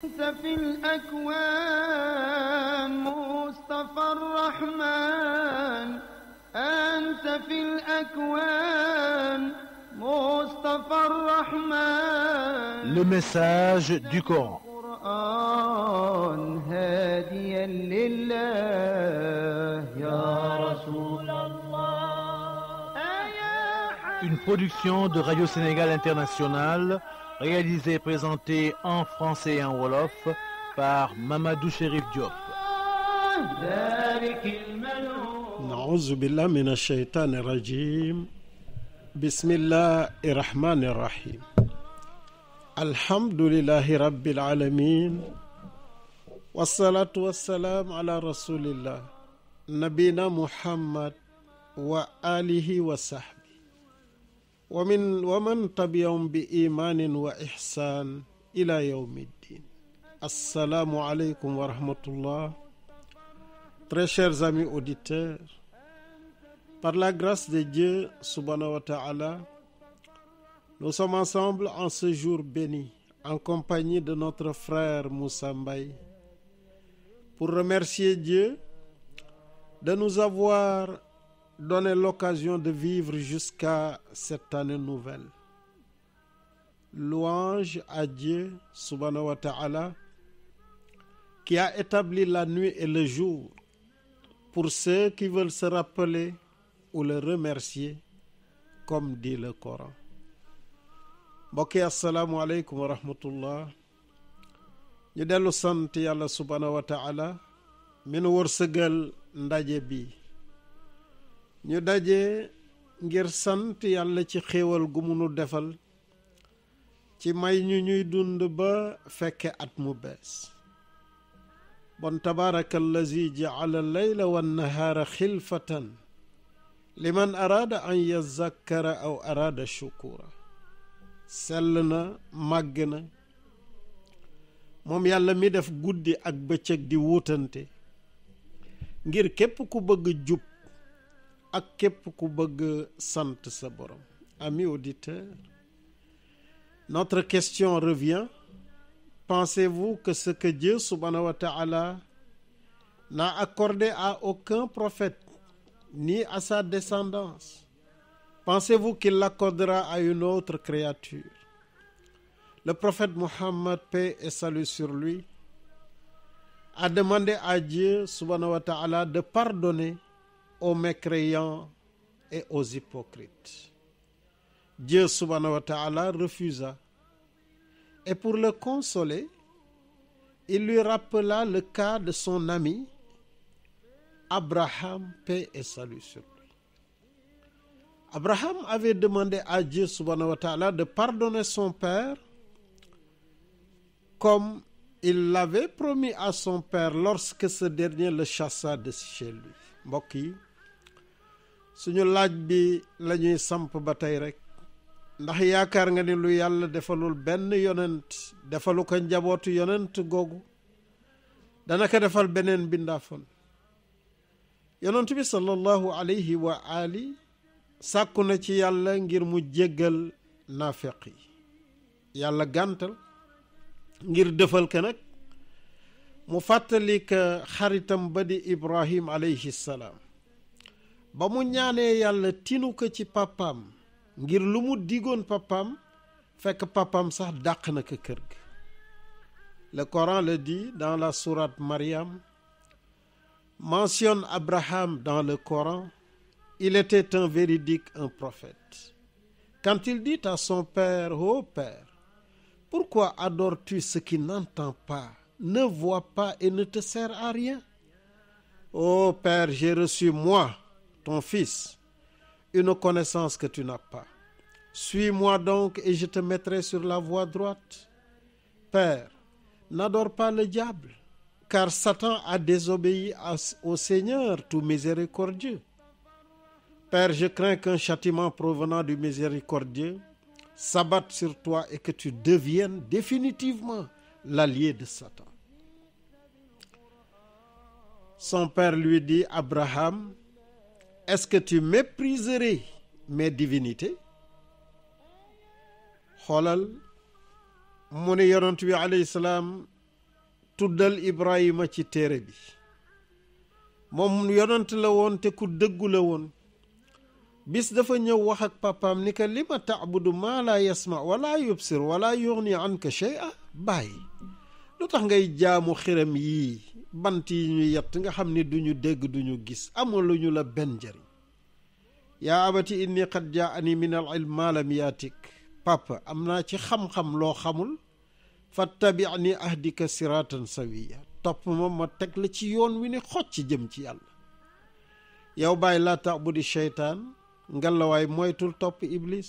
في الأكوان مصطفى الرحمن أنت في الأكوان مصطفى الرحمن Le message du Coran القرآن هاديا لله يا رسول الله Une production de Radio Sénégal Internationale réalisé et présenté en français et en wolof par Mamadou Chérif Diop. Naouzu billah mina shaytani rajim. Bismillah irrahmani irrahim. Alhamdulillahi rabbil alamin. Wassalatu wassalamu ala rasulillah. Nabina Muhammad wa alihi wa sahbihi. wa min wa man tabiyahum bi imaanin wa ixsaan ila yawmi ddin assalaamu aleykum chers amis auditeurs par la grâce de Dieu subhanahu wa ta'ala nous sommes ensemble en ce jour béni en compagnie de notre frère Moussa Mbaye pour remercier Dieu de nous avoir donné l'occasion de vivre jusqu'à cette année nouvelle. Louange à Dieu, subhanahu wa qui a établi la nuit et le jour pour ceux qui veulent se rappeler ou le remercier, comme dit le Coran. mbokk yi asalaamualeykum wa rahmatullah ñu dellu sant yàlla subhanahu wa ta'ala mi nu wërsëgal ndaje bi ñu daje ngir sant yàlla ci xéewal gu mu defal ci may ñu ñuy dund ba fekke at mu bees bon tabaraka allazi jaala leyla wannahaara xilfatan liman araada an yazakkara aw araada shukura sell na màgg na moom yàlla mi def guddi ak bëccëg di wuutante ngir képp ku bëgg jub ak képp ku bëgg sant sa borom amis notre question revient pensez-vous que ce que Dieu subhanahu wa ta'ala n'a accordé à aucun prophète ni à sa descendance pensez-vous qu'il l'accordera à une autre créature le prophète Mohammed paix et salut sur lui a demandé à Dieu subhanahu wa ta'ala de pardonner aux mécréants et aux hypocrites. Dieu subhanahu refusa. Et pour le consoler, il lui rappela le cas de son ami Abraham, paix et salut sur lui. Abraham avait demandé à Dieu subhanahu wa ta'ala de pardonner son père comme il l'avait promis à son père lorsque ce dernier le chassa de chez lui. Mbokk yi suñu laaj bi lañuy samp ba tey rekk ndax yaakaar nga ni lu yàlla defalul benn yonent defalu ko njabootu yonent googu dana ko defal beneen bindaafoon yonent bi sallallahu alayhi wa ali sàkku na ci yàlla ngir mu jéggal naafeq yi yàlla gàntal ngir defal ko nag mu fàttali ko xaritam ba di ibrahim alayhi salaam ba mu ñaanee yàlla tinu ko ci papaam ngir lu mu digoon papam fekk papam sax dàq na ko kër ga le Coran le dit dans la sourate Mariam mentionne Abraham dans le Coran il était un véridique un prophète quand il dit à son père ô oh père pourquoi adores-tu ce qui n'entend pas ne voit pas et ne te sert à rien ô père j'ai reçu moi ton fils, une connaissance que tu n'as pas. Suis-moi donc et je te mettrai sur la voie droite. Père, n'adore pas le diable, car Satan a désobéi au Seigneur tout miséricordieux. Père, je crains qu'un châtiment provenant du miséricordieux s'abatte sur toi et que tu deviennes définitivement l'allié de Satan. Son père lui dit, Abraham, est-ce que tu mépriserais mes divinités xoolal mu ne yonent bi alayhi salaam tuddal Ibrahima ci téere bi moom yonent la woon te ku dëggu la woon bis dafa ñëw wax ak papaam ni ka li ma taabudu maa laa yasma wala yubsir wala yuxni anka shay'a bàyyi lu tax ngay jaamu xiram yii bant yi ñu yett nga xam ni duñu dégg duñu gis amul lu ñu la benn njariñ yaa abati inni qad jaani min al ilm ma am naa ci xam-xam loo xamul fattabi'ni ahdika siratan sawiya topp ma ma teg la ci yoon wi ni xocc jëm ci yàlla yow bàyyi laa taabudi cheytaan ngalawaay moytul topp iblis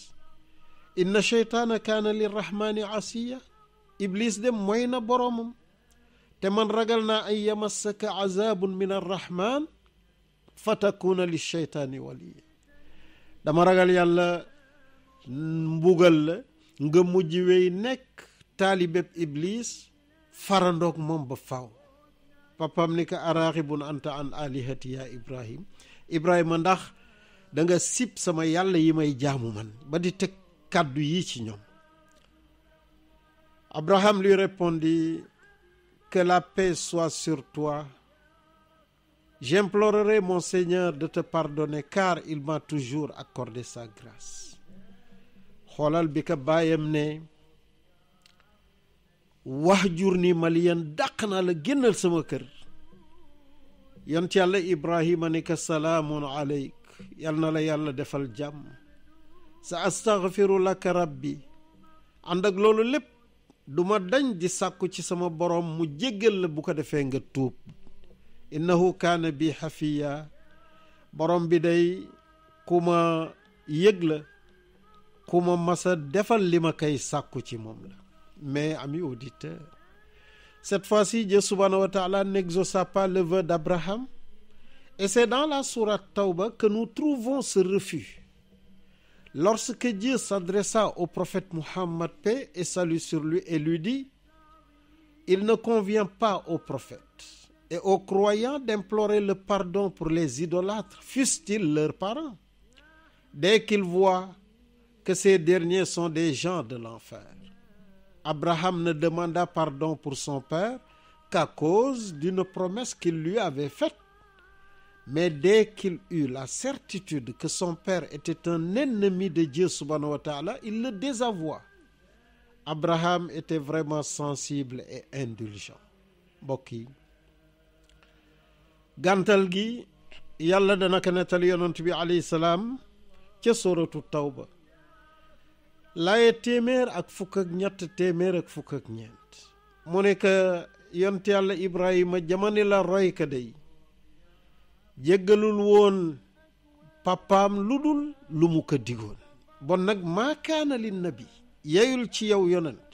inna cheytaana kaana lirrahmaani asiya ibliis de mooy na boroomam te man ragal naa ay an yamassaka azabun min arrahman fa li lilcheytaani waliya dama ragal yàlla mbugal la nga mujj wey nekk taalibeb iblis farandoog moom ba faw papam ni ko araxibun anta an alihati ya ibrahim ibrahima ndax danga nga sib sama yàlla yi may jaamu man ba di teg kàddu yi ci ñoom Abraham lui répondit, Que la paix soit sur toi. J'implorerai mon Seigneur de te pardonner car il m'a toujours accordé sa grâce. xoolal bi ka baayam ne wax jur ni maliyan dàq na la génnal sama kër yont yàlla Ibrahima ni ka salaamun aleyk yal na la yàlla defal jàmm sa astaghfiru laka rabbi ànd ak loolu lépp du ma dañ di sàkku ci sama borom mu jéggal la bu ko defee nga tuub innahu kaana bi xafiya borom bi day ku ma yëg la ku ma masa defal li ma koy sàkku ci moom la mais amis auditeur cette fois-ci Dieu subhanahu wa ta'ala n'exauça pas le vœu d'Abraham et c'est dans la sourate taw ba nous trouvons ce refus Lorsque Dieu s'adressa au prophète Muhammad, paix et salut sur lui, et lui dit, il ne convient pas aux prophètes et aux croyants d'implorer le pardon pour les idolâtres, fussent-ils leurs parents, dès qu'ils voient que ces derniers sont des gens de l'enfer. Abraham ne demanda pardon pour son père qu'à cause d'une promesse qu'il lui avait faite. mais dès qu'il eut la certitude que son père était un ennemi de Dieu subhanahu wa taala il le désavoua Abraham était vraiment sensible et indulgent mbokk yi gàntal gi yàlla dana ko nettal yonent bi alayhi salaam ca taw ba laaye téeméer ak fukk ak ñett téeméer ak fukk ak ñeent mu ne que yonent yàlla Ibrahima jamani la roy ka day jéggalul woon papaam lu dul lu mu ko digoon bon nag maakaana lin nabi yeyul ci yow yonent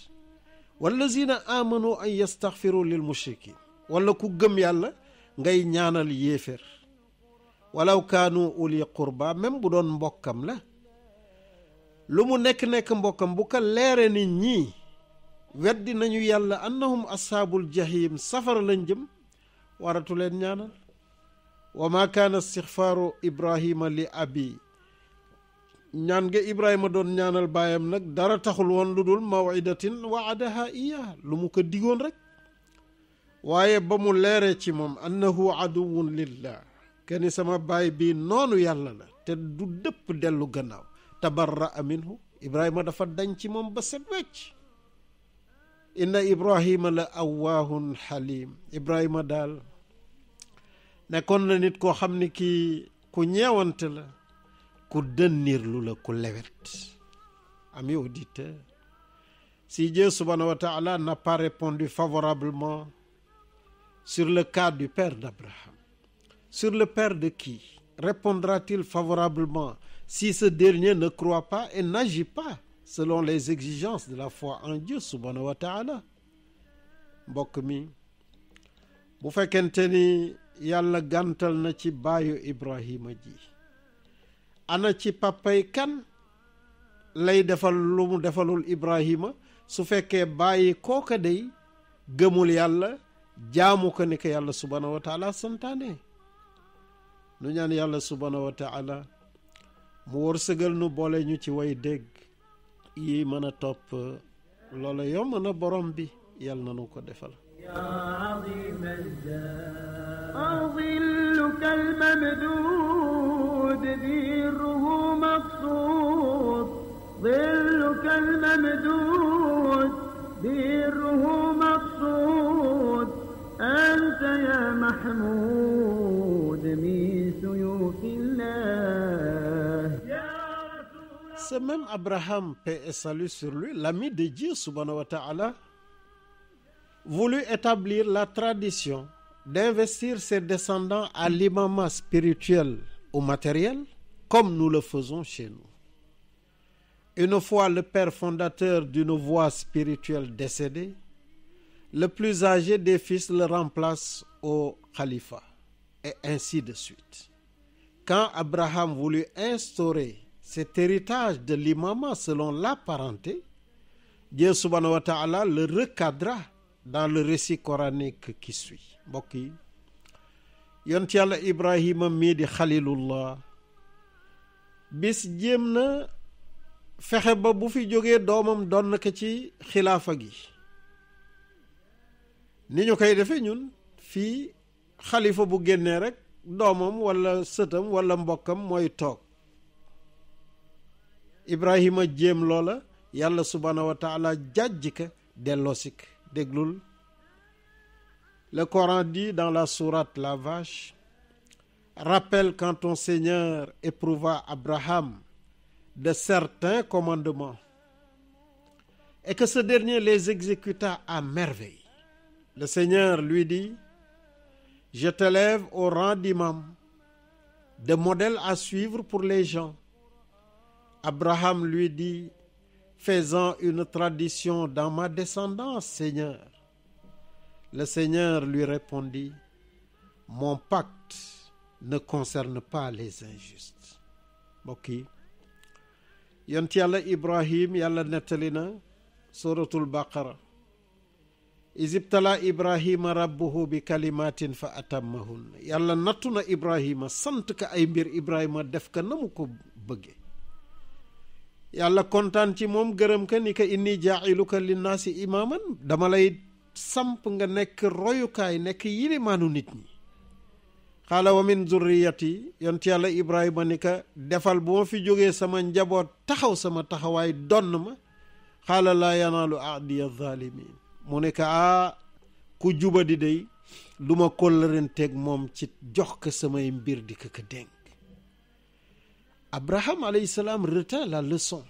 wallazina amanu an yastaxfiru lil mushrikin wala ku gëm yàlla ngay ñaanal yéefér walaw kaanu uli qurba même bu doon mbokkam la lu mu nekk-nekk mbokkam bu ko leere nit ñi weddi nañu yàlla annahum ashaabul jahim safara lañ jëm waratu leen ñaanal wa ma kaana istixfaaru ibrahima li abi ñaan nga ibrahima doon ñaanal baayam nag dara taxul woon lu dul mawidatin waadaha iya lu mu ko diggoon rek waaye ba mu leeree ci moom annahu aduwun lillah keni sama baay bii noonu yàlla la te du dëpp dellu gannaaw tabarraa minhu ibrahima dafa dañ ci moom ba set wecc inna ibrahima la awaahun xalim ibrahima daal nekkoon na nit koo xam ni kii ku ñeewante la ku dënnirlu la ku lewet ami auditeur si Dieu subhanahu wa n'a pas répondu favorablement sur le cas du père d'Abraham sur le père de qui répondra-t-il favorablement si ce dernier ne croit pas et n'agit pas selon les exigences de la foi en Dieu subhanahu wa ta'ala mi bu fekkente ni yàlla gàntal na ci baayu Ibrahima ji ana ci papay kan lay defal lu mu defalul Ibrahima su fekkee bàyyi kooka dey gëmul yàlla jaamu ko ni ko yàlla subhaanahu wa taala nu ñaan yàlla subhaanahu wa taala mu wërsëgal nu boole ñu ci way dégg yi mën a topp loola yomb na borom bi yàlla na nu ko defal. أظل كالممدود ذيره مقصود ظل كالممدود ذيره مقصود أنت يا محمود من سيوف الله C'est même Abraham, paix et salut sur lui, l'ami de Dieu subhanahu wa ta'ala, voulut établir la tradition d'investir ses descendants à l'imama spirituel ou matériel, comme nous le faisons chez nous. Une fois le père fondateur d'une voie spirituelle décédé, le plus âgé des fils le remplace au khalifa, et ainsi de suite. Quand Abraham voulut instaurer cet héritage de l'imama selon la parenté, Dieu subhanahu wa ta'ala le recadra dans le récit coranique qui suit. mbokk yi yont yàlla ibrahima mii di xalilullah bis jéem na fexe ba bu fi jógee doomam doon na ko ci xilaafa gi ni ñu koy defee ñun fii xalifa bu génnee rekk doomam walla sëtam walla mbokkam mooy toog ibrahima jéem loola yàlla subhaanahu wa taala delloo sik déglul Le Coran dit dans la sourate La Vache, rappelle quand ton Seigneur éprouva Abraham de certains commandements et que ce dernier les exécuta à merveille. Le Seigneur lui dit, je t'élève au rang d'imam, de modèle à suivre pour les gens. Abraham lui dit, fais une tradition dans ma descendance, Le Seigneur lui répondit, Mon pacte ne concerne pas les injustes. mbokk yi yont yàlla Ibrahim yàlla nettali na suratul baqara isibtala ibrahima rabbuhu bi kalimatin fa atammahun yàlla nattu na ibrahima sant ka ay mbir ibrahima def ka na mu ko bëgge yàlla kontaan ci moom gërëm ka ni ka inni jaa'iluka linnaasi imaaman dama lay samp nga nekk royukaay nekk yilimaanu nit ñi xaala wa min zurriyati yont yàlla ibrahima ni ka defal bu ma fi jógee sama njaboot taxaw sama taxawaay donn ma xaala laa yanaalu ahdiya zalimin mu ne ka a ku juba di day du ma kóllërenteeg moom ci jox ko samay mbir di ko ko dénk abraham la leçon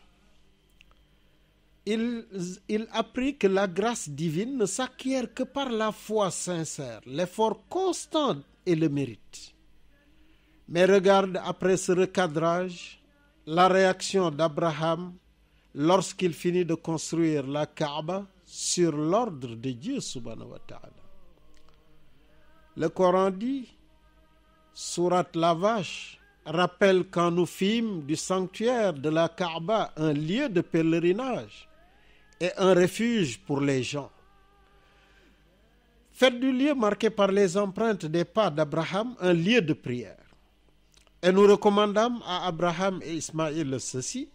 il il apprit que la grâce divine ne s'acquiert que par la foi sincère l'effort constant et le mérite mais regarde après ce recadrage la réaction d'Abraham lorsqu'il finit de construire la Kaaba sur l'ordre de Dieu subhanahu wa la vache rappelle quand nous fîmes du sanctuaire de la Kaaba un lieu de pèlerinage et un refuge pour les gens. Faites du lieu marqué par les empreintes des pas d'Abraham un lieu de prière. Et nous recommandâmes à Abraham et Ismaïl ceci: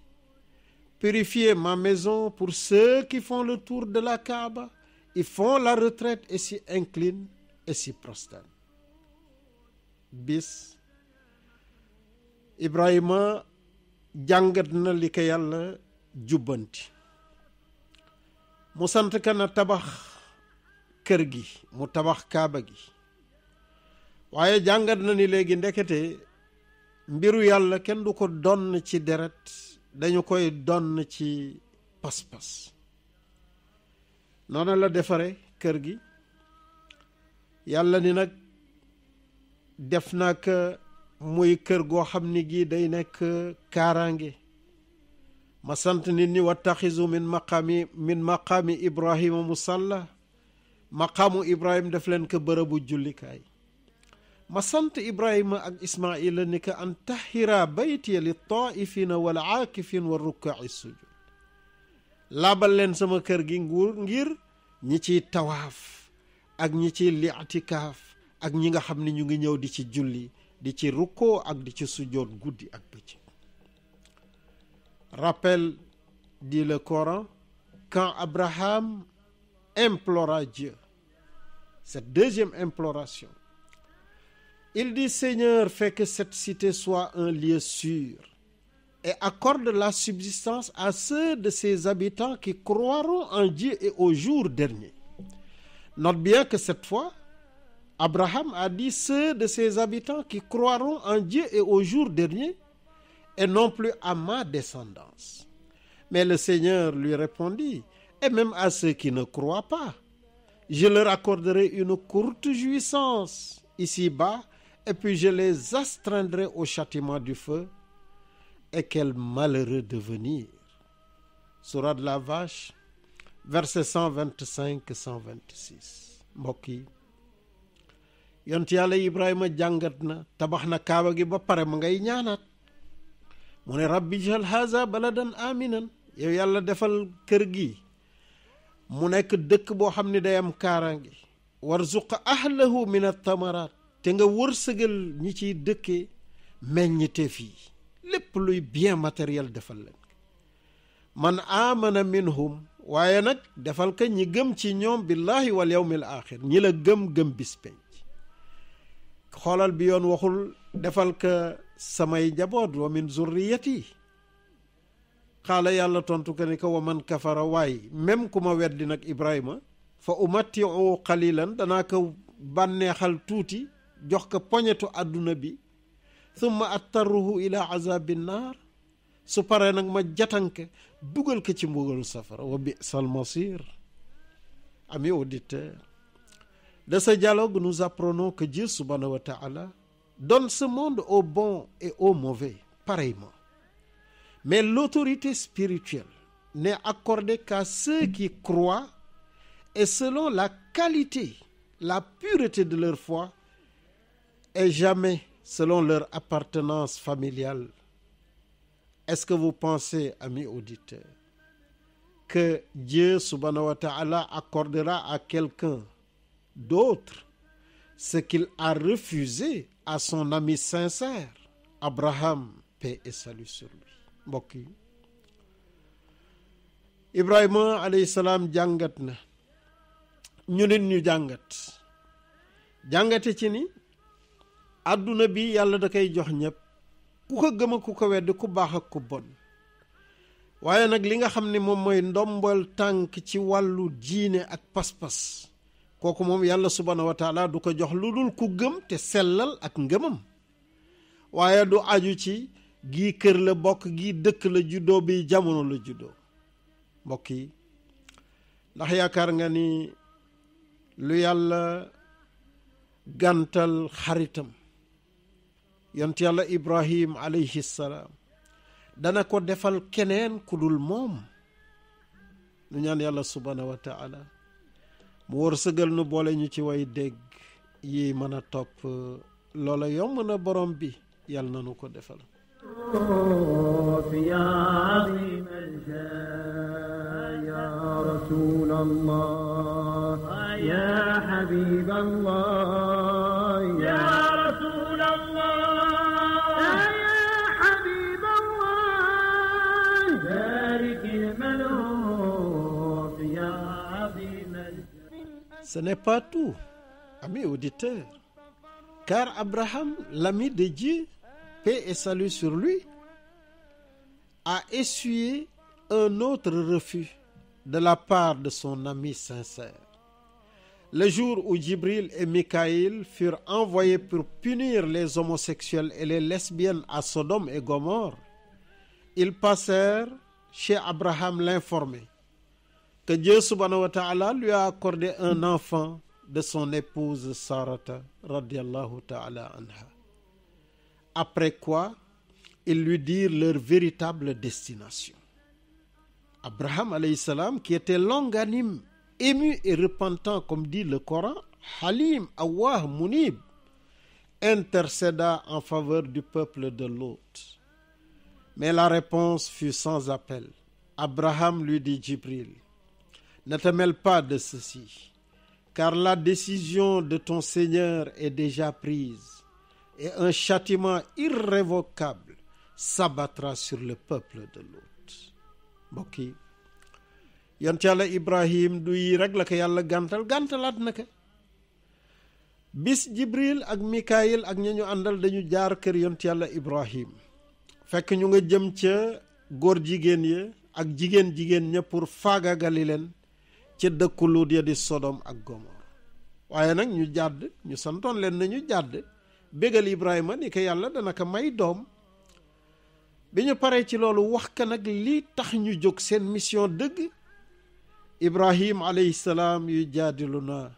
Purifiez ma maison pour ceux qui font le tour de la Kaaba, ils font la retraite et s'y inclinent et s'y prosternent. Bis Ibrahima jàngat na li ko Yàlla jubbanti mu sant kana tabax kër gi mu tabax kaaba gi waaye jàngat na ni léegi ndekete mbiru yàlla kenn du ko donn ci deret dañu koy donn ci pas-pas noona la defare kër gi yàlla ni nag def naa ko kër goo xam ni gii day nekk kaaraange ma sant nit ñi wattaxisu min maqaami min maqaami ibrahima musalla maqaamu ibrahim def leen ko bërëbu jullikaay ma sant ibrahima ak ismaila ni ko an tahira baytiya li taifina wal aakifin wa rukkaci sujud laabal leen sama kër gi nguur ngir ñi ciy tawaaf ak ñi ciy li'tikaaf ak ñi nga xam ni ñu ngi ñëw di ci julli di ci rukkoo ak di ci sujoot guddi ak bëccëg Rappelle, dit le Coran, quand Abraham implora Dieu. Cette deuxième imploration. Il dit, Seigneur, fais que cette cité soit un lieu sûr et accorde la subsistance à ceux de ses habitants qui croiront en Dieu et au jour dernier. Note bien que cette fois, Abraham a dit ceux de ses habitants qui croiront en Dieu et au jour dernier et non plus à ma descendance. Mais le Seigneur lui répondit, et même à ceux qui ne croient pas, je leur accorderai une courte jouissance ici-bas, et puis je les astreindrai au châtiment du feu. Et quel malheureux devenir! Sourate de la Vache, verset 125-126 mbokk yi yàlla Ibrahima jàngat na tabax na kaaba gi ba pare mu ngay mu ne rabbi jal haza baladan aminan yow yàlla defal kër gi mu nekk dëkk boo xam ne day am kaaraange warzuq ahlahu min attamaraat te nga wërsëgal ñi ciy dëkke meññiteef fii lépp luy bien matériel defal leen man amana minhum waaye nag defal ka ñi gëm ci ñoom billahi wal yawmil axir ñi la gëm gëm bis xoolal bi yoon waxul defal ka samay njaboot wa min zurriyati xaala yàlla tontu ko ni ko wa man kafara waaye même ku ma weddi nag Ibrahima fa umattiu qalilan danaa ko bànneexal tuuti jox ko poñetu àdduna bi thumma attaruhu ila azabin naar su paree nag ma jatanke dugal ko ci mbugalu safara wa bisal masir amis auditeurs de ce dialogue nous apprenons que Dieu subhanahu wa ta'ala donne ce monde au bon et au mauvais pareillement. Mais l'autorité spirituelle n'est accordée qu'à ceux qui croient et selon la qualité, la pureté de leur foi et jamais selon leur appartenance familiale. Est-ce que vous pensez, amis auditeurs, que Dieu subhanahu wa ta'ala accordera à quelqu'un d'autre sekil qu'il a refusé à son Abraham paix et salut sur mbokk yi Ibrahima alayhi salaam jàngat na ñu nit ñu jàngat jàngate ci ni àdduna bi yàlla da koy jox ñëpp ku ko gëm ku ko wedd ku baax ak ku bon waaye nag li nga xam ni moom mooy ndombal tànk ci wàllu diine ak pas-pas kooku moom yàlla subhaanahu wa du ko jox lu dul ku gëm te sellal ak ngëmam waaye du aju ci gii kër la bokk gii dëkk la juddoo bi jamono la juddoo mbokk yi ndax yaakaar nga ni lu yàlla gàntal xaritam yont yàlla ibrahim alayhi salaam dana ko defal keneen ku dul moom lu ñaan yàlla subhaanahu wa taala mu war sëgal nu boole ñu ci way dégg yi mën a topp loola yomb na borom bi yal na ko defal ya rasul allah ya habib Ce n'est pas tout, amis auditeurs, car Abraham, l'ami de Dieu, paix et salut sur lui, a essuyé un autre refus de la part de son ami sincère. Le jour où Djibril et Mikaïl furent envoyés pour punir les homosexuels et les lesbiennes à Sodome et Gomorrhe, ils passèrent chez Abraham l'informer. que Dieu lui a accordé un enfant de son épouse Sarata radiallahu après quoi ils lui dirent leur véritable destination Abraham alayhi qui était longanime ému et repentant comme dit le Coran Halim Awwah Munib intercéda en faveur du peuple de Lot mais la réponse fut sans appel Abraham lui dit Ne te mêle pas de ceci, car la décision de ton Seigneur est déjà prise, et un châtiment irrévocable s'abattra sur le peuple de Lot. mbokk yi yonent yàlla Ibrahim du yi rek la ko yàlla gàntal gàntalaat na ko bis Jibril ak Mikayil ak ña ñu àndal dañu jaar kër yonent yàlla Ibrahim fekk ñu nga jëm ca góor jigéen ya ak jigéen jigéen ña pour faagagali leen ca dëkku Luut ya di Sodom ak Gomor waaye nag ñu jàdd ñu santoon leen na ñu jàdd bégal Ibrahima ni ko yàlla dana may doom bi ñu paree ci loolu wax ka nag lii tax ñu jóg seen mission dëgg Ibrahim alayhi salaam yu jaadilu na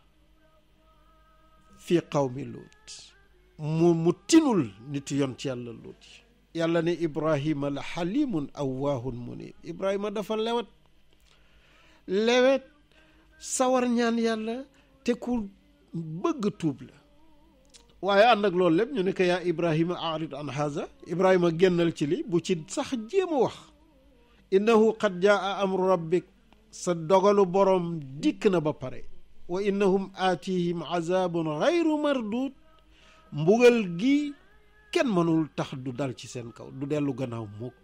fi qawmi Luut mu mu tinul nitu yoon ci yàlla Luut yi yàlla ne Ibrahima la xalimun awaahun munib Ibrahima dafa lewet lewet sawar ñaan yàlla te ku bëgg tuub la waaye ànd ak loolu lépp ñu ne ko yaa ibrahima arid an haza ibrahima génnal ci li bu ci sax jéem a wax innahu qad jaa amru rabbik sa dogalu boroom dikk na ba pare wa innahum aatihim azabun xayru mardud mbugal gi kenn mënul tax du dal ci seen kaw du dellu gannaaw mukk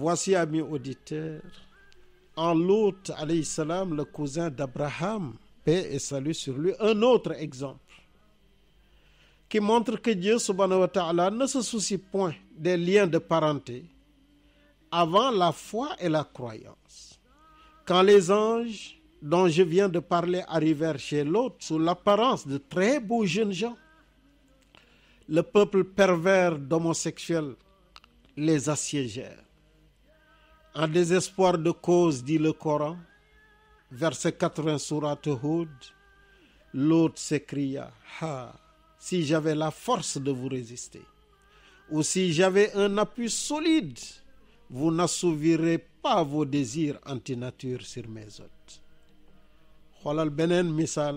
voici amis auditeurs en Lot alayhi salam le cousin d'Abraham paix et salut sur lui un autre exemple qui montre que Dieu subhanahu wa ta'ala ne se soucie point des liens de parenté avant la foi et la croyance quand les anges dont je viens de parler arrivèrent chez Lot sous l'apparence de très beaux jeunes gens le peuple pervers d'homosexuels les assiégèrent En désespoir de cause, dit le Coran, verset 80 sourate Hud, l'autre s'écria, ah, si j'avais la force de vous résister, ou si j'avais un appui solide, vous n'assouvirez pas vos désirs antinature sur mes hôtes. xoolal beneen misaal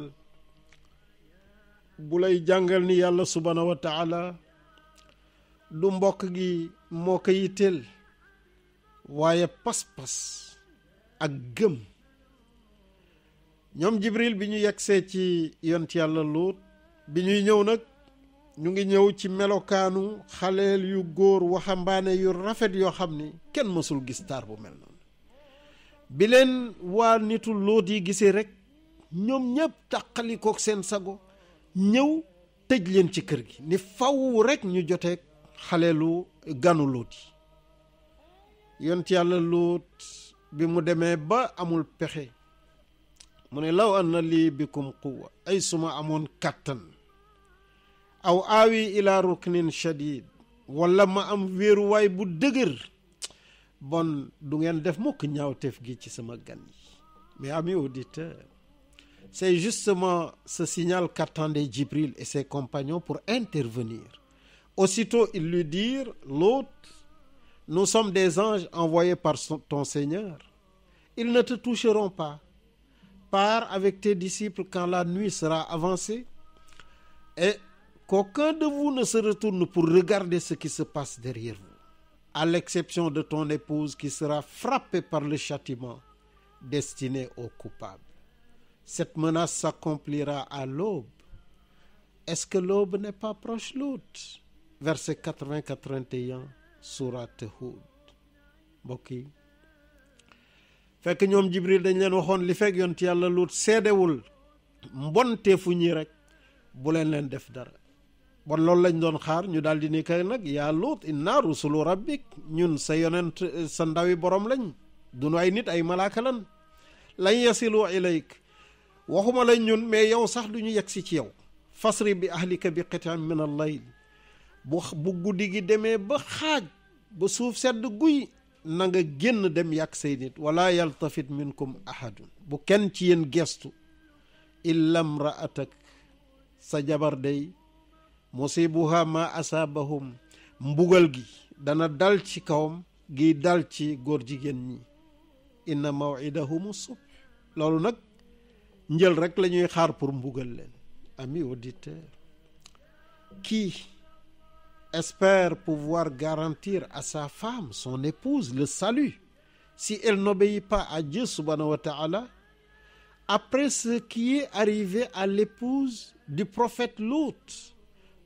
bu lay jàngal ni yàlla subhaanahu wa taala waaye pas-pas ak gëm ñoom jibril bi ñu yegsee ci yont yàlla luut bi ñuy ñëw nag ñu ngi ñëw ci melokaanu xaleel yu góor waxambaane yu rafet yoo xam ni kenn mësul gis taar bu mel na bi leen waa nitu luut yi gisee rekk ñoom ñëpp tàqalikook seen sago ñëw tëj leen ci kër gi ni faw rekk ñu joteeg xaleelu ganu luut yi yont yàlla luut bi mu demee ba amul pexe mu ne law na lii bikum quwa ay suma amoon kàttan aw aawi ila ruknin shadid wala ma am wéeruwaay bu dëgër bon du ngeen def mukk ñaawteef gi ci sama gan yi mais amis auditeurs c'est justement ce signal qu'attendaient Djibril et ses compagnons pour intervenir aussitôt ils lui dirent l'autre nous sommes des anges envoyés par ton Seigneur. Ils ne te toucheront pas. Pars avec tes disciples quand la nuit sera avancée et qu'aucun de vous ne se retourne pour regarder ce qui se passe derrière vous, à l'exception de ton épouse qui sera frappée par le châtiment destiné aux coupables. Cette menace s'accomplira à l'aube. Est-ce que l'aube n'est pas proche l'autre? Verset 80-81. suurat Hud mbokk yi fekk ñoom Jibril dañ leen waxoon li fekk yont yàlla Luut seedewul mbonte fu ñi rek bu leen leen def dara bon loolu lañ doon xaar ñu daal di ni kay nag yaa Luut inna rusulu rabbik ñun sa yonent sa ndawi borom lañ dunu ay nit ay malaaka lan lañ yasilu ilayk waxuma lañ ñun mais yow sax du ñu yegg si ci yow fasri bi ahlika bi qitaan min al layl bu bu guddi gi demee ba xaaj ba suuf sedd guy na nga génn dem yàq say nit wala yaltafit minkum ahadun bu kenn ci yéen gestu illa mraatak sa jabar day musibuha ma asaabahum mbugal gi dana dal ci kawam gi dal ci góor jigéen ñi inna mawidahum subh loolu nag njël rekk lañuy xaar pour mbugal leen ami auditeur kii espère pouvoir garantir à sa femme, son épouse, le salut, si elle n'obéit pas à Dieu subhanahu wa après ce qui est arrivé à l'épouse du prophète Lot,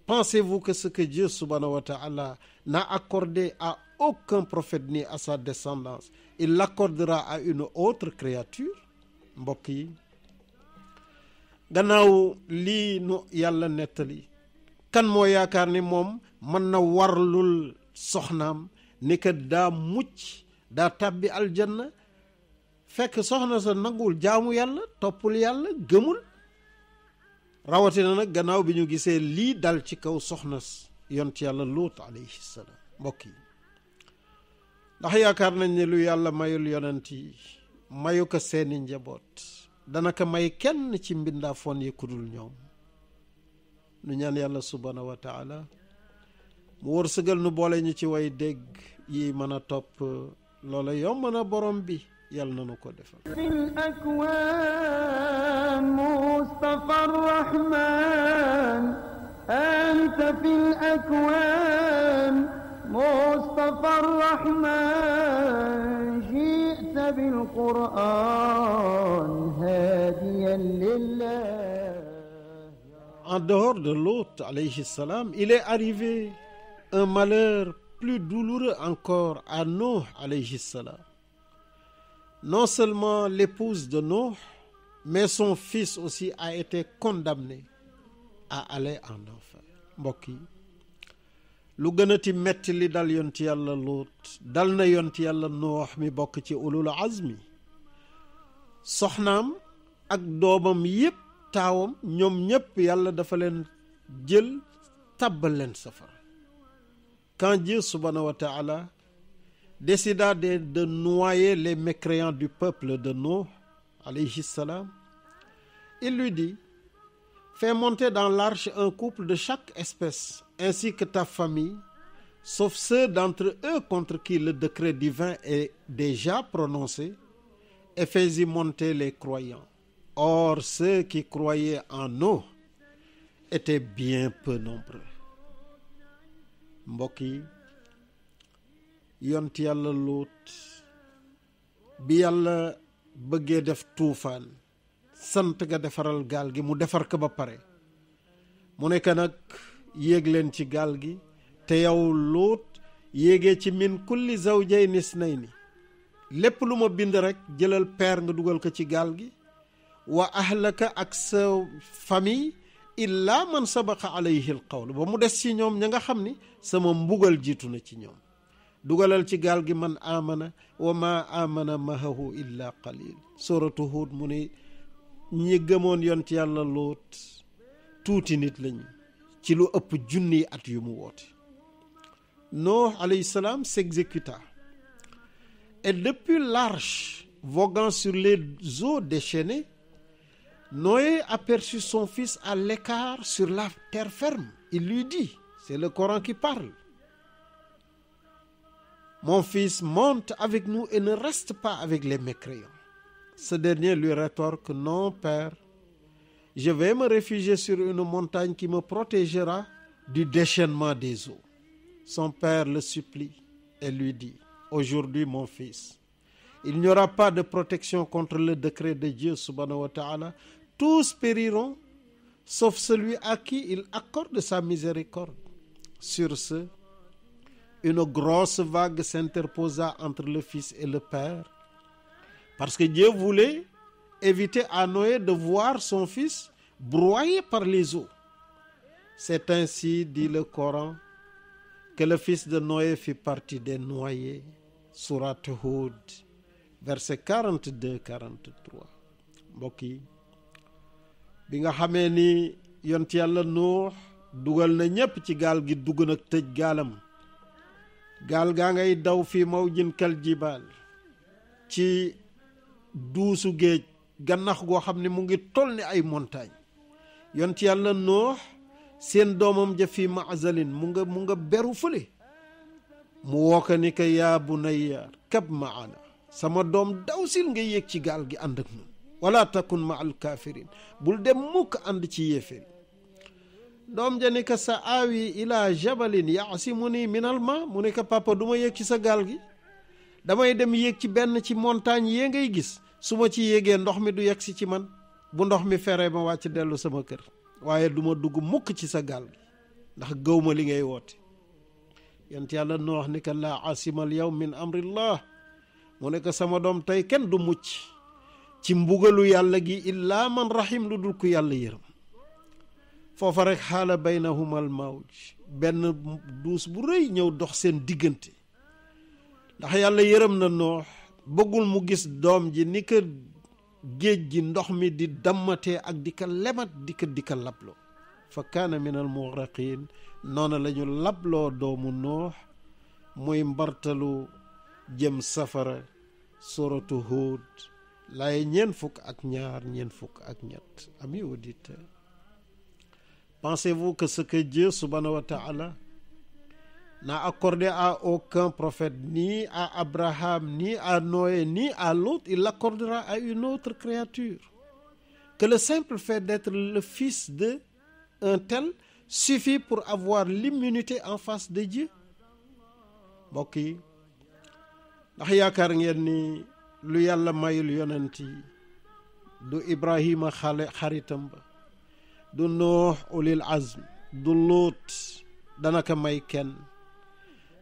pensez-vous que ce que Dieu subhanahu wa n'a accordé à aucun prophète ni à sa descendance, il l'accordera à une autre créature? mbokk yi gannaaw lii nu yàlla nettali kan moo mën na warlul soxnaam ni que daa mucc daa tàbbi aljanna fekk soxna sa nanguwul jaamu yàlla toppul yàlla gëmul rawatina nag gannaaw bi ñu gisee lii dal ci kaw soxna yont yàlla luut alayhi salaam mbokk yi ndax yaakaar nañ ne lu yàlla mayul yonent yi mayu ko seeni njaboot dana ko may kenn ci mbindaafoon yi dul ñoom nu ñaan yàlla subhaanahu wa mu wërsëgal nu boole ñu ci way dégg yi mën a topp loola yomb na borom bi yàlla na nu ko defal fil akwaan mustafa rahmaan anta fil akwaan mustafa rahmaan jiita bil quraan haadiyan lillah en dehors de Lot alayhi salam il est arrivé un malheur plus douloureux encore à Nuh alayhi salam. son fils aussi a été condamné mbokk yi lu gën a ti metti li dal yont yàlla Luut dal na yont yàlla Nuh mi bokk ci ulul azmi soxnaam ak doomam yépp taawam ñoom ñépp yàlla dafa leen jël tàbbal leen safara quand Dieu subhanahu wa ta'ala décida de, de noyer les mécréants du peuple de Noé alayhi salam il lui dit fais monter dans l'arche un couple de chaque espèce ainsi que ta famille sauf ceux d'entre eux contre qui le décret divin est déjà prononcé et fais-y monter les croyants or ceux qui croyaient en Noé étaient bien peu nombreux mbokk yi yont yàlla luut bi yàlla bëggee def tuufaan sant nga defaral gaal gi mu defar ko ba pare mu nekk nag yéeg leen ci gaal gi te yow luut yéegee ci min kulli zawjayni isnayni lépp lu ma bind rekk jëlal peer nga dugal ko ci gaal gi wa ahlaka ak sa famille illa man sabaqa alayhi al qawl ba mu des ci ñoom ña nga xam ni sama mbugal jiitu na ci ñoom dugalal ci gaal gi man amana wa ma amana mahahu illa qalil suratu hud mu ne ñi gëmoon ci yàlla loot tuuti nit lañu ci lu ëpp junni at yu mu woote Nuh alayhi salaam s'exécuta et depuis l'arche voguant sur les eaux déchaînées Noé aperçut son fils à l'écart sur la terre ferme. Il lui dit, c'est le Coran qui parle. Mon fils, monte avec nous et ne reste pas avec les mécréants. Ce dernier lui rétorque, non, père, je vais me réfugier sur une montagne qui me protégera du déchaînement des eaux. Son père le supplie et lui dit, aujourd'hui, mon fils, il n'y aura pas de protection contre le décret de Dieu subhanahu wa tous périront, sauf celui à qui il accorde sa miséricorde. Sur ce, une grosse vague s'interposa entre le Fils et le Père, parce que Dieu voulait éviter à Noé de voir son fils broyé par les eaux. C'est ainsi, dit le Coran, que le fils de Noé fit partie des noyés. Sourate Hud, versets 42 bi nga xamee ni yont yàlla nuux dugal na ñépp ci gaal gi dugg nag tëj gaalam gaal gaa ngay daw fii maw jinkal jibaal ci duusu géej gannax goo xam ni mu ngi toll ni ay montagne yont yàlla nuux seen doomam ja fii maazalin mu nga mu nga beru fële mu wooka ni ko yaa bunayya kab maana sama doom daw sil nga yéeg ci gaal gi ànd ak ñun wala takun ma al bul dem mukk ànd ci yéeféer doom ja ni ko sa aawi ila jabalin yaasimuni minal ma mu ne ko papa du ma yéeg ci sa gaal gi damay dem yéeg ci benn ci montagne yee ngay gis su ma ci yéegee ndox mi du yegg si ci man bu ndox mi feree ma wàcc dellu sama kër waaye du ma dugg mukk ci sa gaal gi ndax gëw ma li ngay woote yent yàlla nu wax ni ko laa asimal yow min amrillah mu ne ko sama doom tey kenn du mucc ci mbugalu yàlla gi illaa man rahim lu dul ku yàlla yërëm foofa rek xaala baynahuma al mawj benn duus bu rëy ñëw dox seen diggante ndax yàlla yërëm na noox bëggul mu gis doom ji ni kër géej gi ndox mi di dammatee ak di ko lemat di ko di ko labloo fa kaana min al noona la labloo doomu noox muy mbartalu jëm safara suratu Huud laaye ñeent fukk ak ñaar ñeent fukk ak ñett amis auditeurs pensez-vous que ce que Dieu subhanahu wa ta'ala n'a accordé à aucun prophète ni à Abraham ni à Noé ni à l'autre il l'accordera à une autre créature que le simple fait d'être le fils de un tel suffit pour avoir l'immunité en face de Dieu mbokk yi ndax yaakaar ngeen ni lu yàlla mayul yonent yi du ibrahima xale xaritam ba du noox ulil azm du luut dana ko may kenn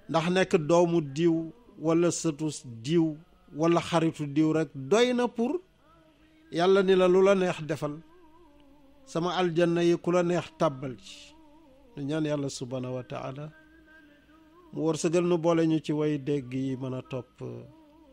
ndax nekk doomu diw walla sëtus diw walla xaritu diw rek doy na pour yàlla ni la lu la neex defal sama aljanna yi ku la neex tàbbal ci ñu ñaan yàlla subhaanahu wa taala mu wërsëgal nu boole ñu ci way dégg yi mën a topp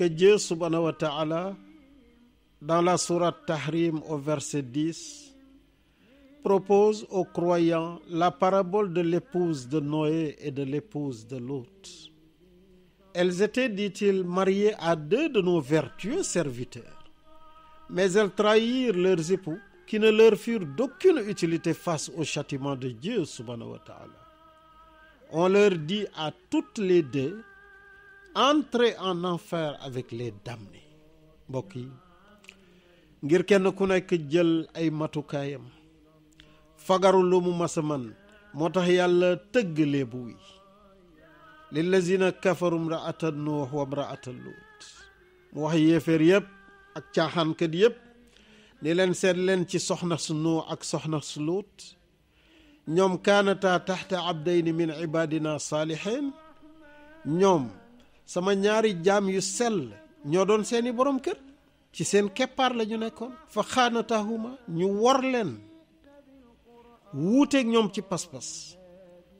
que Dieu subhanahu wa ta'ala dans la sourate Tahrim au verset 10 propose aux croyants la parabole de l'épouse de Noé et de l'épouse de Lot. Elles étaient, dit-il, mariées à deux de nos vertueux serviteurs, mais elles trahirent leurs époux qui ne leur furent d'aucune utilité face au châtiment de Dieu subhanahu wa ta'ala. On leur dit à toutes les deux entrer en enfer avec les damnés mbokk yi ngir kenn ku nekk jël ay matukaayam fagaru lu mu masa man moo tax yàlla tëgg léebu yi lillazina kafaru mraata nuux wa mraata luut mu wax yéeféer yëpp ak caaxaankat yépp ni leen seet leen ci soxna nuux ak soxna su ñoom kaanataa taxta abdayni min ibadina saalihin ñoom sama ñaari jaam yu sell ñoo doon seeni borom kër ci seen keppaar la ñu nekkoon fa xaanatahuma ñu wor leen wuuteeg ñoom ci pas-pas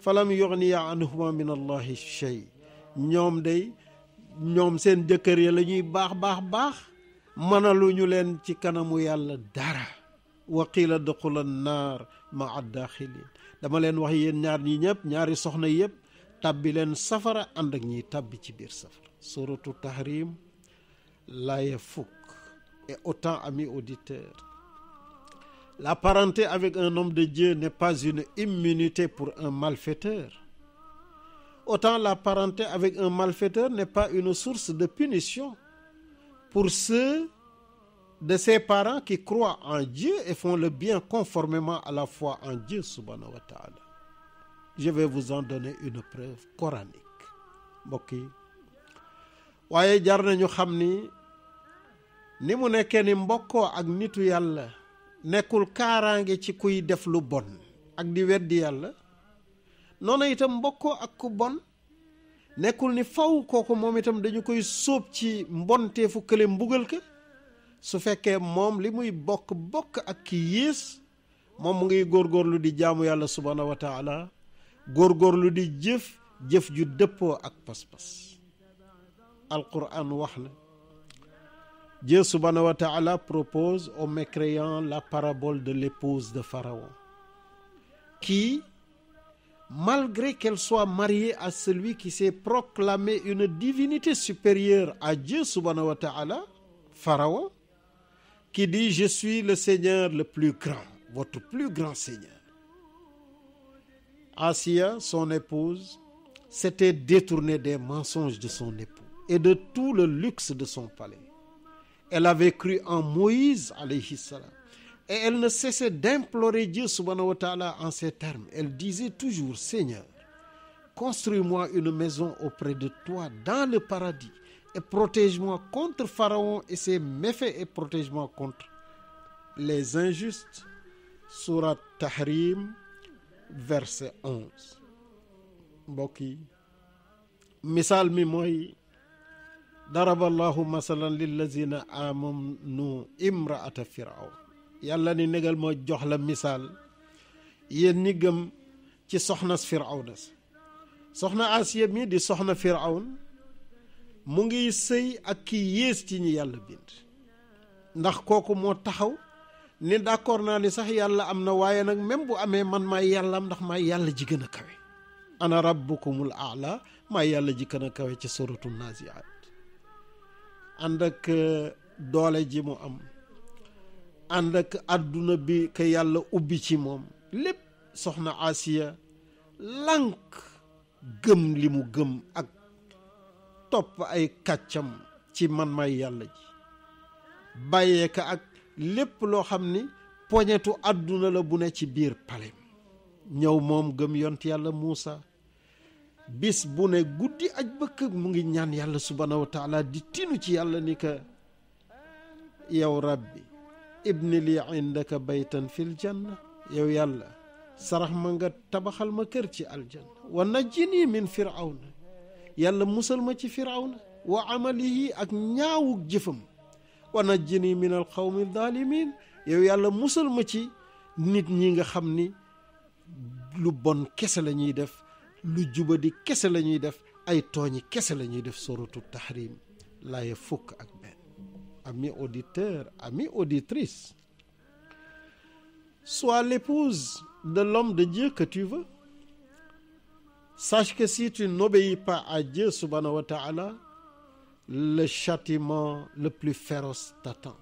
falam yugniya anhuma min allahi shay ñoom day ñoom seen jëkkër yi lañuy baax baax baax mënaluñu leen ci kanamu yàlla dara wa qiila duxula naar ma daaxilin dama leen wax yéen ñaar ñi ñëpp ñaari soxna yëpp tàbbi leen safara ànd ak ñiy tàbbi ci biir safara suratu tahrim laaya fukk et autant amis auditeurs la parenté avec un homme de Dieu n'est pas une immunité pour un malfaiteur autant la parenté avec un malfaiteur n'est pas une source de punition pour ceux de ses parents qui croient en Dieu et font le bien conformément à la fois en Dieu subhanahu wa je vais vous en une preuve coranique mbokk yi waaye jar nañu xam ni ni mu nekkee ni mbokkoo ak nitu yàlla nekkul kaaraange ci kuy def lu bon ak di weddi yàlla noonu itam mbokkoo ak ku bon nekkul ni faw kooku moom itam dañu koy soob ci mbonteefu kële mbugal ka su fekkee moom li muy bokk bokk ak ki yées moom mu ngiy góorlu di jaamu yàlla subhaanahu wa góorgóorlu di jëf jëf ju deppo ak pas-pas alquran wax na Dieu subhanahu wa propose aux mécréants la parabole de l'épouse de Pharaon qui malgré qu'elle soit mariée à celui qui s'est proclamé une divinité supérieure à Dieu subhanahu wa ta'ala Pharaon qui dit je suis le Seigneur le plus grand votre plus grand Seigneur Asiya, son épouse, s'était détournée des mensonges de son époux et de tout le luxe de son palais. Elle avait cru en Moïse, alayhi salam, et elle ne cessait d'implorer Dieu subhanahu wa en ces termes. Elle disait toujours, Seigneur, construis-moi une maison auprès de toi dans le paradis et protège-moi contre Pharaon et ses méfaits et protège-moi contre les injustes. Sourate Tahrim verset yi misaal mi mooy daraba allahu masalan lillazina amanu imraata firawn yàlla ni négal moo jox la misaal yéen ñi gëm ci soxna firawna si soxna asiya mi di soxna firawn mu ngi sëy ak ki yées ci ñi yàlla bind ndax kooku moo taxaw ni d'accord naa ni sax yàlla am na waaye nag même bu amee man may yàlla am ndax may yàlla ji gën a kawe ana rabbukumul aala maay yàlla ji gën kawe ci suratu naziat ànd ak euh, doole ji mu am ànd ak àdduna bi ka yàlla ubbi ci moom lépp soxna Asiya lànk gëm li mu gëm ak topp ay kàccam ci man may yàlla ji bàyyee ak lépp loo xam ni poñetu àdduna la bu ne ci biir palem ñëw moom gëm yont yàlla Muusa bis bu ne guddi aj bëkk mu ngi ñaan yàlla subhaanahu wa taala di tinu ci yàlla ni ka yow rabbi ibni li indaka baytan fil yow yàlla sarax ma nga tabaxal ma kër ci aljanna wa najjini min firawna yàlla musal ma ci firawna wa amalihi ak ñaawuk jëfam wa najjini min al qawmi zalimin yow yàlla musal ma ci nit ñi nga xam ni lu bon kese la ñuy def lu jubadi kese lañuy def ay tooñi kese lañuy ñuy def soratu tahrim laaya fukk ak benn ami auditeur ami auditrice sois l'épouse de l'homme de Dieu que tu veux sache que si tu n'obéis pas à Dieu subhanahu wa le châtiment le plus féroce t'attend.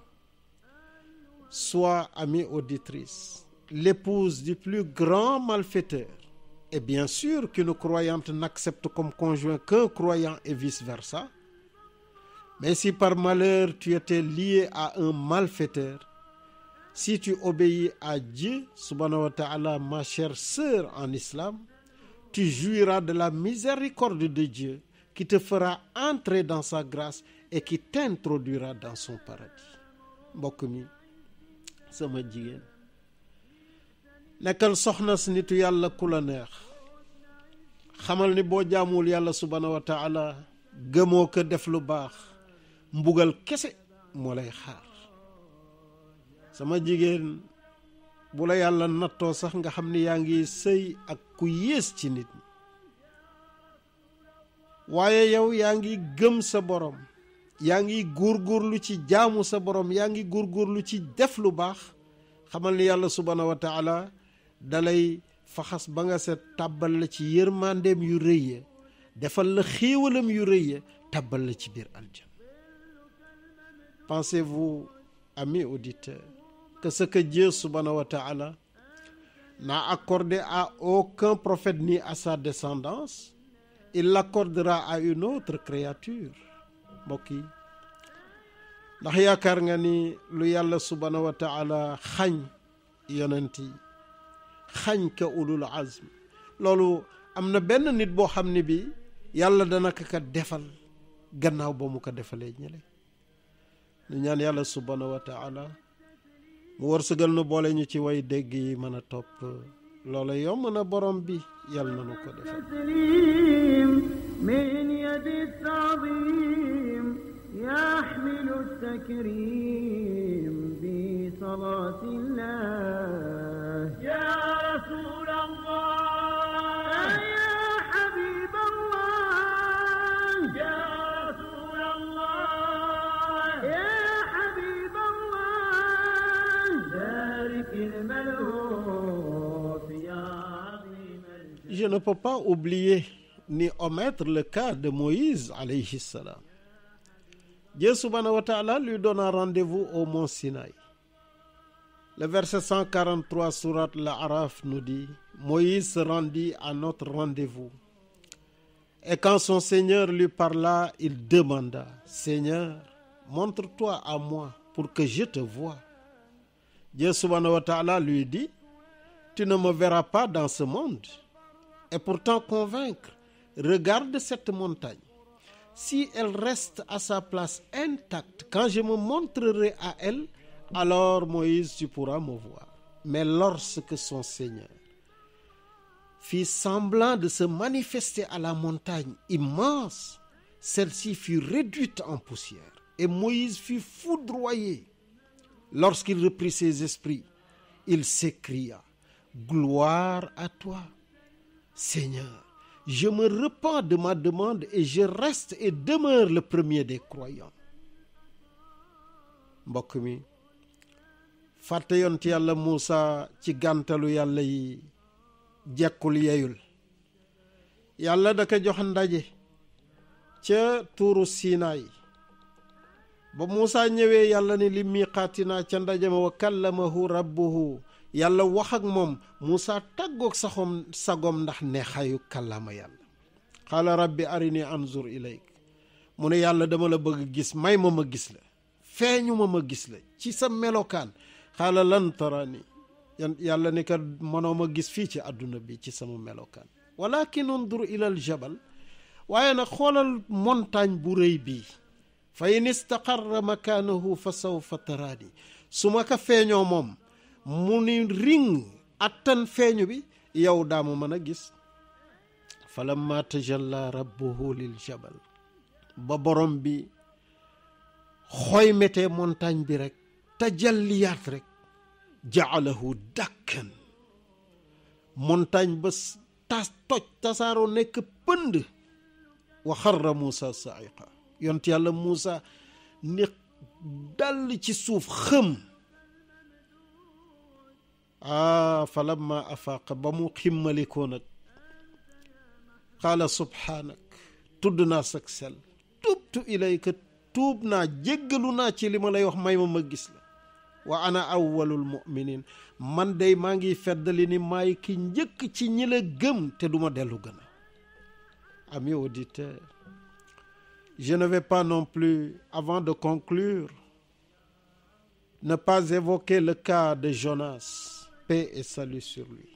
Sois, amie auditrice, l'épouse du plus grand malfaiteur, et bien sûr qu'une croyante n'accepte comme conjoint qu'un croyant et vice-versa. Mais si par malheur tu étais lié à un malfaiteur, si tu obéis à Dieu, subhanahu wa ma chère sœur en islam, tu jouiras de la miséricorde de Dieu qui te fera entrer dans sa grâce et qui t'introduira dans son paradis mbokk mi sama jigéen nekkal soxna si nit yàlla ku la neex xamal ni boo jaamuwul yàlla subhaanahu wa gëmoo ko def lu baax mbugal kese moo lay xaar sama jigéen bu la yàlla nattoo sax nga xam ni yaa ngi sëy ak ku yées ci nit waaye yow yaa ngi gëm sa borom yaa ngi góorgóorlu ci jaamu sa borom yaa ngi góorgóorlu ci def lu baax xamal ni yàlla subhaanahu wa taala dalay faxas ba nga set tàbbal la ci yërmandeem yu rëy defal la xéewalam yu rëy ya tàbbal la ci biir aljan pensez-vous amis auditeurs que ce que Dieu subhaanahu wa taala n'a accordé à aucun prophète ni à sa descendance il l'accordera à une autre créature mbokk yi ndax yaakaar nga ni lu yàlla subhaanahu wa xañ yonent yi xañ ka ulul azm loolu am na benn nit boo xam ne bi yàlla dana ko defal gannaaw ba mu ko defalee ñële ñu ñaan yàlla subhaanahu wa taala mu wërsëgal nu boole ñu ci way dégg yi mën a topp loola yomb na borom bi yàlla na nu ko defal min yadi azim yaxmilu takrim bi salaatillah ne peut pas oublier ni omettre le cas de Moïse alayhi salam. Dieu subhanahu lui donne un rendez-vous au mont Sinaï. Le verset 143 sourate Al-Araf nous dit, Moïse se rendit à notre rendez-vous. Et quand son Seigneur lui parla, il demanda, Seigneur, montre-toi à moi pour que je te voie. Dieu subhanahu wa lui dit, Tu ne me verras pas dans ce monde. et pourtant convaincre. Regarde cette montagne. Si elle reste à sa place intacte, quand je me montrerai à elle, alors Moïse, tu pourras me voir. Mais lorsque son Seigneur fit semblant de se manifester à la montagne immense, celle-ci fut réduite en poussière et Moïse fut foudroyé. Lorsqu'il reprit ses esprits, il s'écria, Gloire à toi Seigneur, je me repens premier des mbokk mi fàtte yont yàlla Muusa ci gàntalu yàlla yi jekkul yeyul yàlla da ko jox ndaje ca tuuru Sinaay ba Muusa ñëwee yàlla ni li miiqaatinaa ca ndaje ma wa kallamahu rabbuhu yàlla wax ak moom Moussa tàggook saxoom sagoom ndax neexaayu kàllaama yàlla xaala rabbi arini anzur ilayk mu ne yàlla dama la bëgg gis may ma ma gis la feeñu ma ma gis la ci sa melokaan xaala lan tarani yàlla ne ka mënoo ma gis fii ci àdduna bi ci sama melokaan walakin undur ilal jabal waaye nag xoolal montagne bu rëy bii fa in istaqarra makaanahu fa sawfa taraani su ma ko feeñoo moom mu ni ring attan feeñu bi yow daamu mën a gis falamma tajalla rabbuhu lil jabal ba borom bi xoymetee montagne bi rekk tajalliyaat rek jaalahu dàkkan montagne ba tas toj tasaaroo nekk pënd wa xarra Moussa saiqa yont yàlla Moussa ni dal ci suuf xëm ah falamma afaaqa ba mu ximmalikoo nag qaala subhaanak tudd naa sag sel tubtu ilayka tuub naa jéggalu naa ci li ma lay wax may ma ma gis la wa ana awwalul muminin man day maa ngi feddali ni maay ki njëkk ci ñi la gëm te duma dellu gën a ami auditeur je ne vais pas non plus avant de conclure ne pas évoquer le cas de Jonas paix et salut sur lui,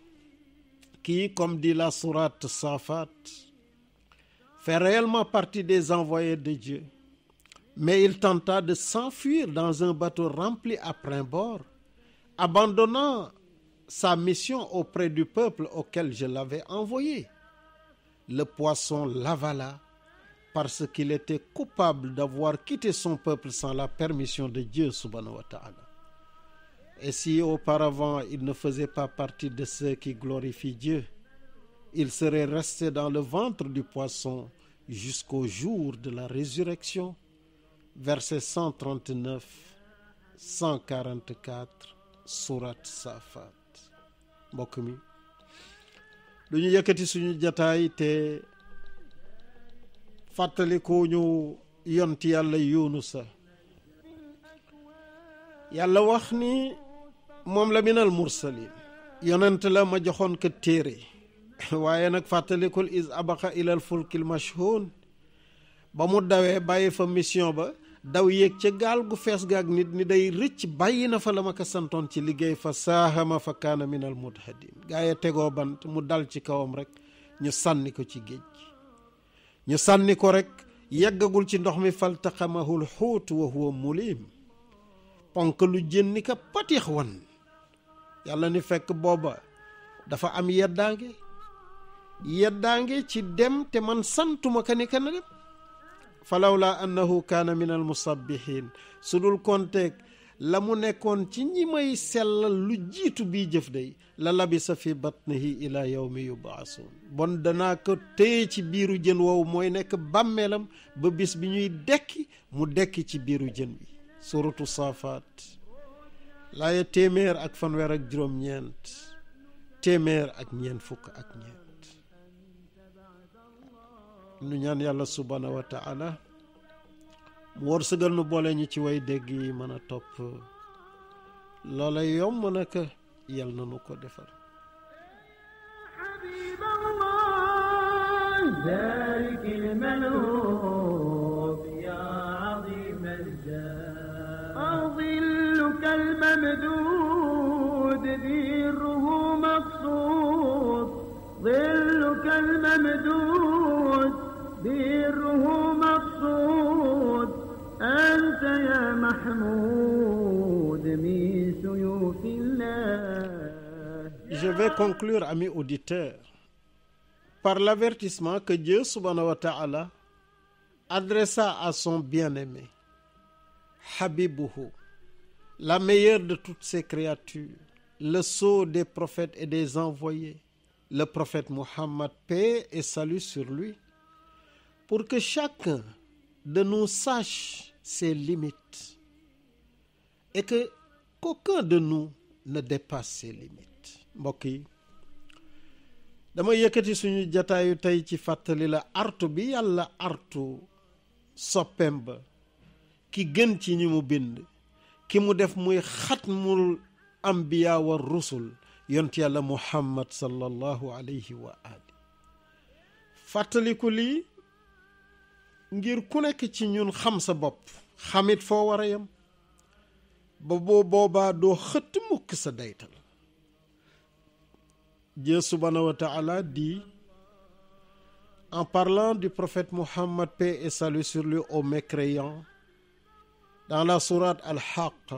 qui, comme dit la sourate Safat, fait réellement partie des envoyés de Dieu. Mais il tenta de s'enfuir dans un bateau rempli à plein bord, abandonnant sa mission auprès du peuple auquel je l'avais envoyé. Le poisson l'avala parce qu'il était coupable d'avoir quitté son peuple sans la permission de Dieu subhanahu wa ta'ala. Et si auparavant il ne faisait pas partie de ceux qui glorifient Dieu, il serait resté dans le ventre du poisson jusqu'au jour de la résurrection. Versets 139, 144, sourate Safat. mbokk mi lu yëkkati suñu jataay te fàttaliku ñu yont yàlla yàlla wax ni moom la minal mursalin yonent la ma joxoon ko téere waaye nag fàttalikul is abaqa ilal fulkil mashhun ba mu dawee bàyyi fa mission ba daw yéeg ca gaal gu fees ga nit ni day rëcc bàyyi na fa la ma ko santoon ci liggéey fa saahama fa kaana minal mudhadin gaa yi tegoo bant mu dal ci kawam rek ñu sànni ko ci géej ñu sànni ko rekk yeggagul ci ndox mi faltaxamahul xuut wa huwa mulim ponk lu jën ni ko patix wan yàlla ni fekk booba dafa am yeddaange yeddaange ci dem te man santuma ka ni kana dem falawla annahu kaana min al musabbihin su dul konteeg la mu nekkoon ci ñi may sellal lu jiitu bii jëf day la labisa fi batnihi ila yawmi yubaasun bon danaa ko téye ci biiru jën woowu mooy nekk bàmmeelam ba bis bi ñuy dekki mu dekki ci biiru jën bi suratu saafaat laaya téeméer ak fanweer ak juróom-ñeent téeméer ak ñeent fukk ak ñeent nu ñaan yàlla subhaanahu wa taala mu wërsëgal nu boole ñi ci way dégg yi mën a topp loola yomb nag yal na nu ko defal ذلك الملعون الممدود ديره مقصود ظلك Je vais conclure, amis auditeurs, par l'avertissement que Dieu subhanahu wa ta'ala adressa à son bien-aimé, Habibuhu la meilleure de toutes ces créatures le sceau des prophètes et des envoyés le prophète Mohammed paix et salut sur lui pour que chacun de nous sache ses limites et que qu'aucun de nous ne dépasse ses limites mbokk yi dama yëkkati suñu jataayu tey ci fàttali la artu bi yàlla artu soppeem ba ki gën ci ñi mu bind ki mu def muy xatmul ambiya wa rusul yont yàlla muhammad sallallahu alayhi wa ali fàttaliku lii ngir ku nekk ci ñun xam sa bopp xamit foo war a yem ba boo boobaa doo xëtt mukk sa daytal Dieu subhanahu wa ta'ala en parlant du profet Mohammed paix et salut sur lui aux mécréants dans la sourate Al-Haqq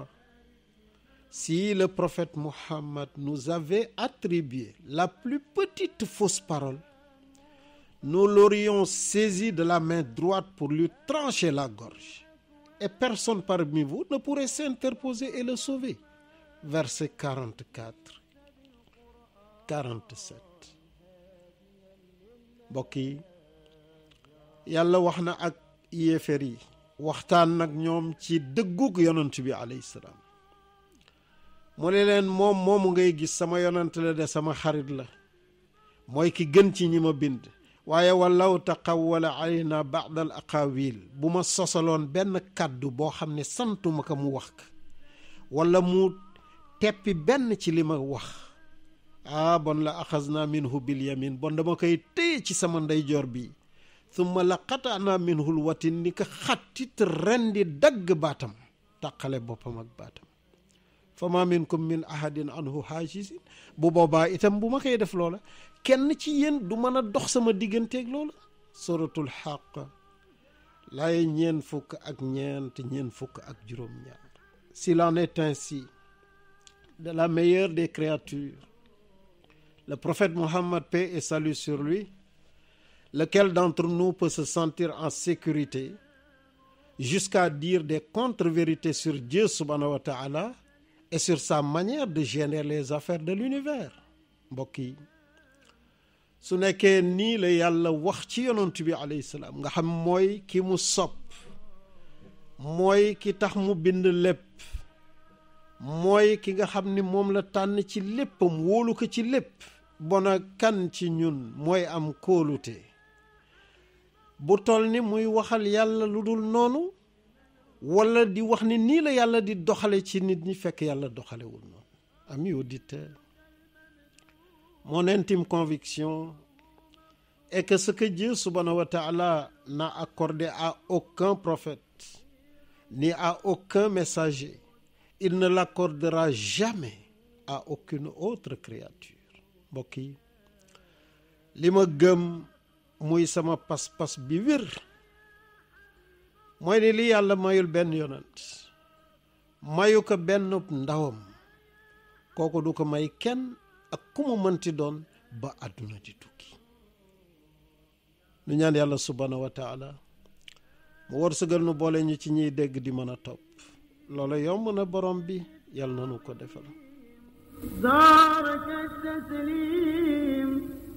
si le prophète Mohammed nous avait attribué la plus petite fausse parole nous l'aurions saisi de la main droite pour lui trancher la gorge et personne parmi vous ne pourrait s'interposer et le sauver verset 44 47 mbokk yi yàlla wax na ak yéefar yi waxtaan nag ñoom ci dëggug yonent bi alayhi salaam mu ne leen moom moomu ngay gis sama yonent la de sama xarit la mooy ki gën ci ñi ma bind waaye walaw taqawwala alayna baad al aqawil bu ma sosaloon benn kàddu boo xam ne santuma ko mu wax walla mu teppi benn ci li ma wax ah bon la axas naa minhu bil bon dama koy téye ci sama ndeyjoor bi summa la qataana minhul watin ni ko xattit ren di dagg baatam taqale boppam ak baatam fa ma minkum min ahadin anhu haajisin bu boobaa itam bu ma koy def loola kenn ci yéen du mën a dox sama digganteeg loola suratul xaq lay ñeen fukk ak ñeent ñeen fukk ak juróom-ñaar s'il en est ainsi de la meilleure des créatures le prophète Mohammed paix et salut sur lui lequel d'entre nous peut se sentir en sécurité jusqu'à dire des contre vérité sur Dieu subhanahu wa ta'ala et sur sa manière de gérer les affaires de l'univers mbokk yi su nekkee nii la yàlla wax ci yonent bi alayhi salaam nga xam mooy ki mu sopp mooy ki tax mu bind lépp mooy ki nga xam ni moom la tànn ci léppam wóolu ko ci lépp bon a kan ci ñun mooy am kóolute bu toll ni muy waxal yàlla lu dul noonu wala di wax ni nii la yàlla di doxale ci nit ñi fekk yàlla doxalewul noonu ami auditeur mon intime conviction est que ce que Dieu n'a accordé à aucun prophète ni à aucun messager il ne l'accordera jamais à aucune autre créature mbokk li ma gëm muy sama pas-pas bi wér mooy ni li yàlla mayul benn yonent mayu ko benn ndawam kooku du ko may kenn ak ku mu mënti doon ba àdduna di tukki nu ñaan yàlla subhaanahu wa taala mu wërsëgal nu boole ñu ci ñiy dégg di mën a topp loola yomb na borom bi yàlla na nu ko defal.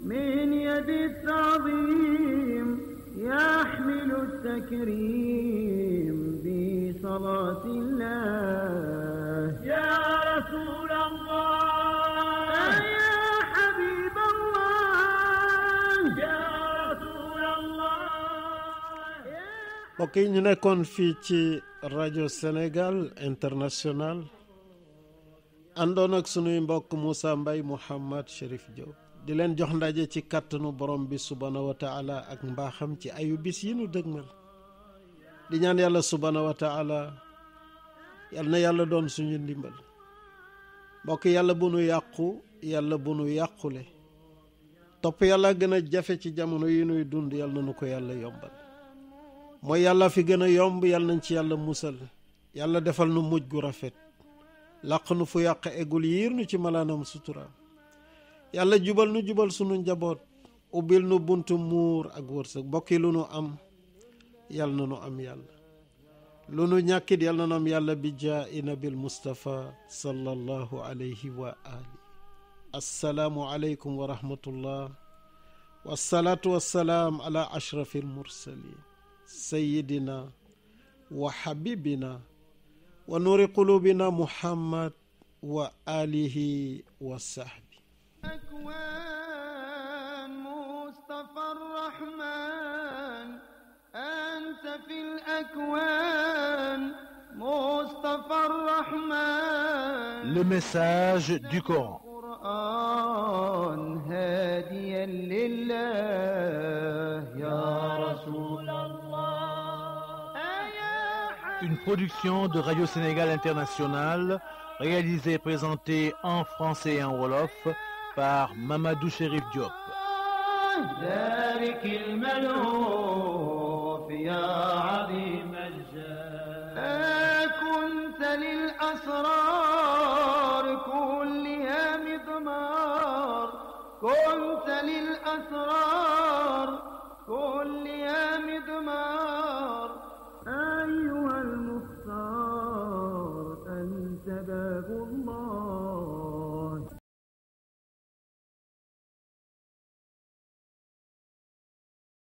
من يد التعظيم يحمل التكريم في صلاة الله يا رسول الله يا حبيب الله يا رسول الله mbokk yi ñu nekkoon fii ci rajo senegal International àndoon ak sunuy mbokk Moussa Mbaye Mouhamad Chérif Diop di leen jox ndaje ci kàttanu borom bi subhaanahu wa ak mbaaxam ci ayu bis yi nu dëgmal di ñaan yàlla subhaanahu wa taala na yàlla doon suñu ndimbal mbokk yàlla bu nu yàqu yàlla bu nu yàqule topp yàlla gën a jafe ci jamono yi nuy dund yal na nu ko yàlla yombal mooy yàlla fi gën a yomb yàlla nañ ci yàlla musal yàlla defal nu mujj gu rafet làq nu fu yàq eggul yiir nu ci malaanam suturaam yàlla jubal nu jubal sunu njaboot ubbil nu buntu muur ak wërsëg mbokk yi lu nu am yàlla na nu am yàlla lu nu ñàkkit yàlla na nu am yàlla bi jaa i nabil mustafa sallallahu alayhi wa ali assalaamu aleykum wa rahmatullah wassalaatu wassalaam wa xabibina أكوان مصطفى الرحمن Le message du Coran القرآن هاديا لله يا Une production de Radio Sénégal Internationale réalisée et présentée en français et en wolof par Mamadou Chérif Diop. كنت للأسرار كل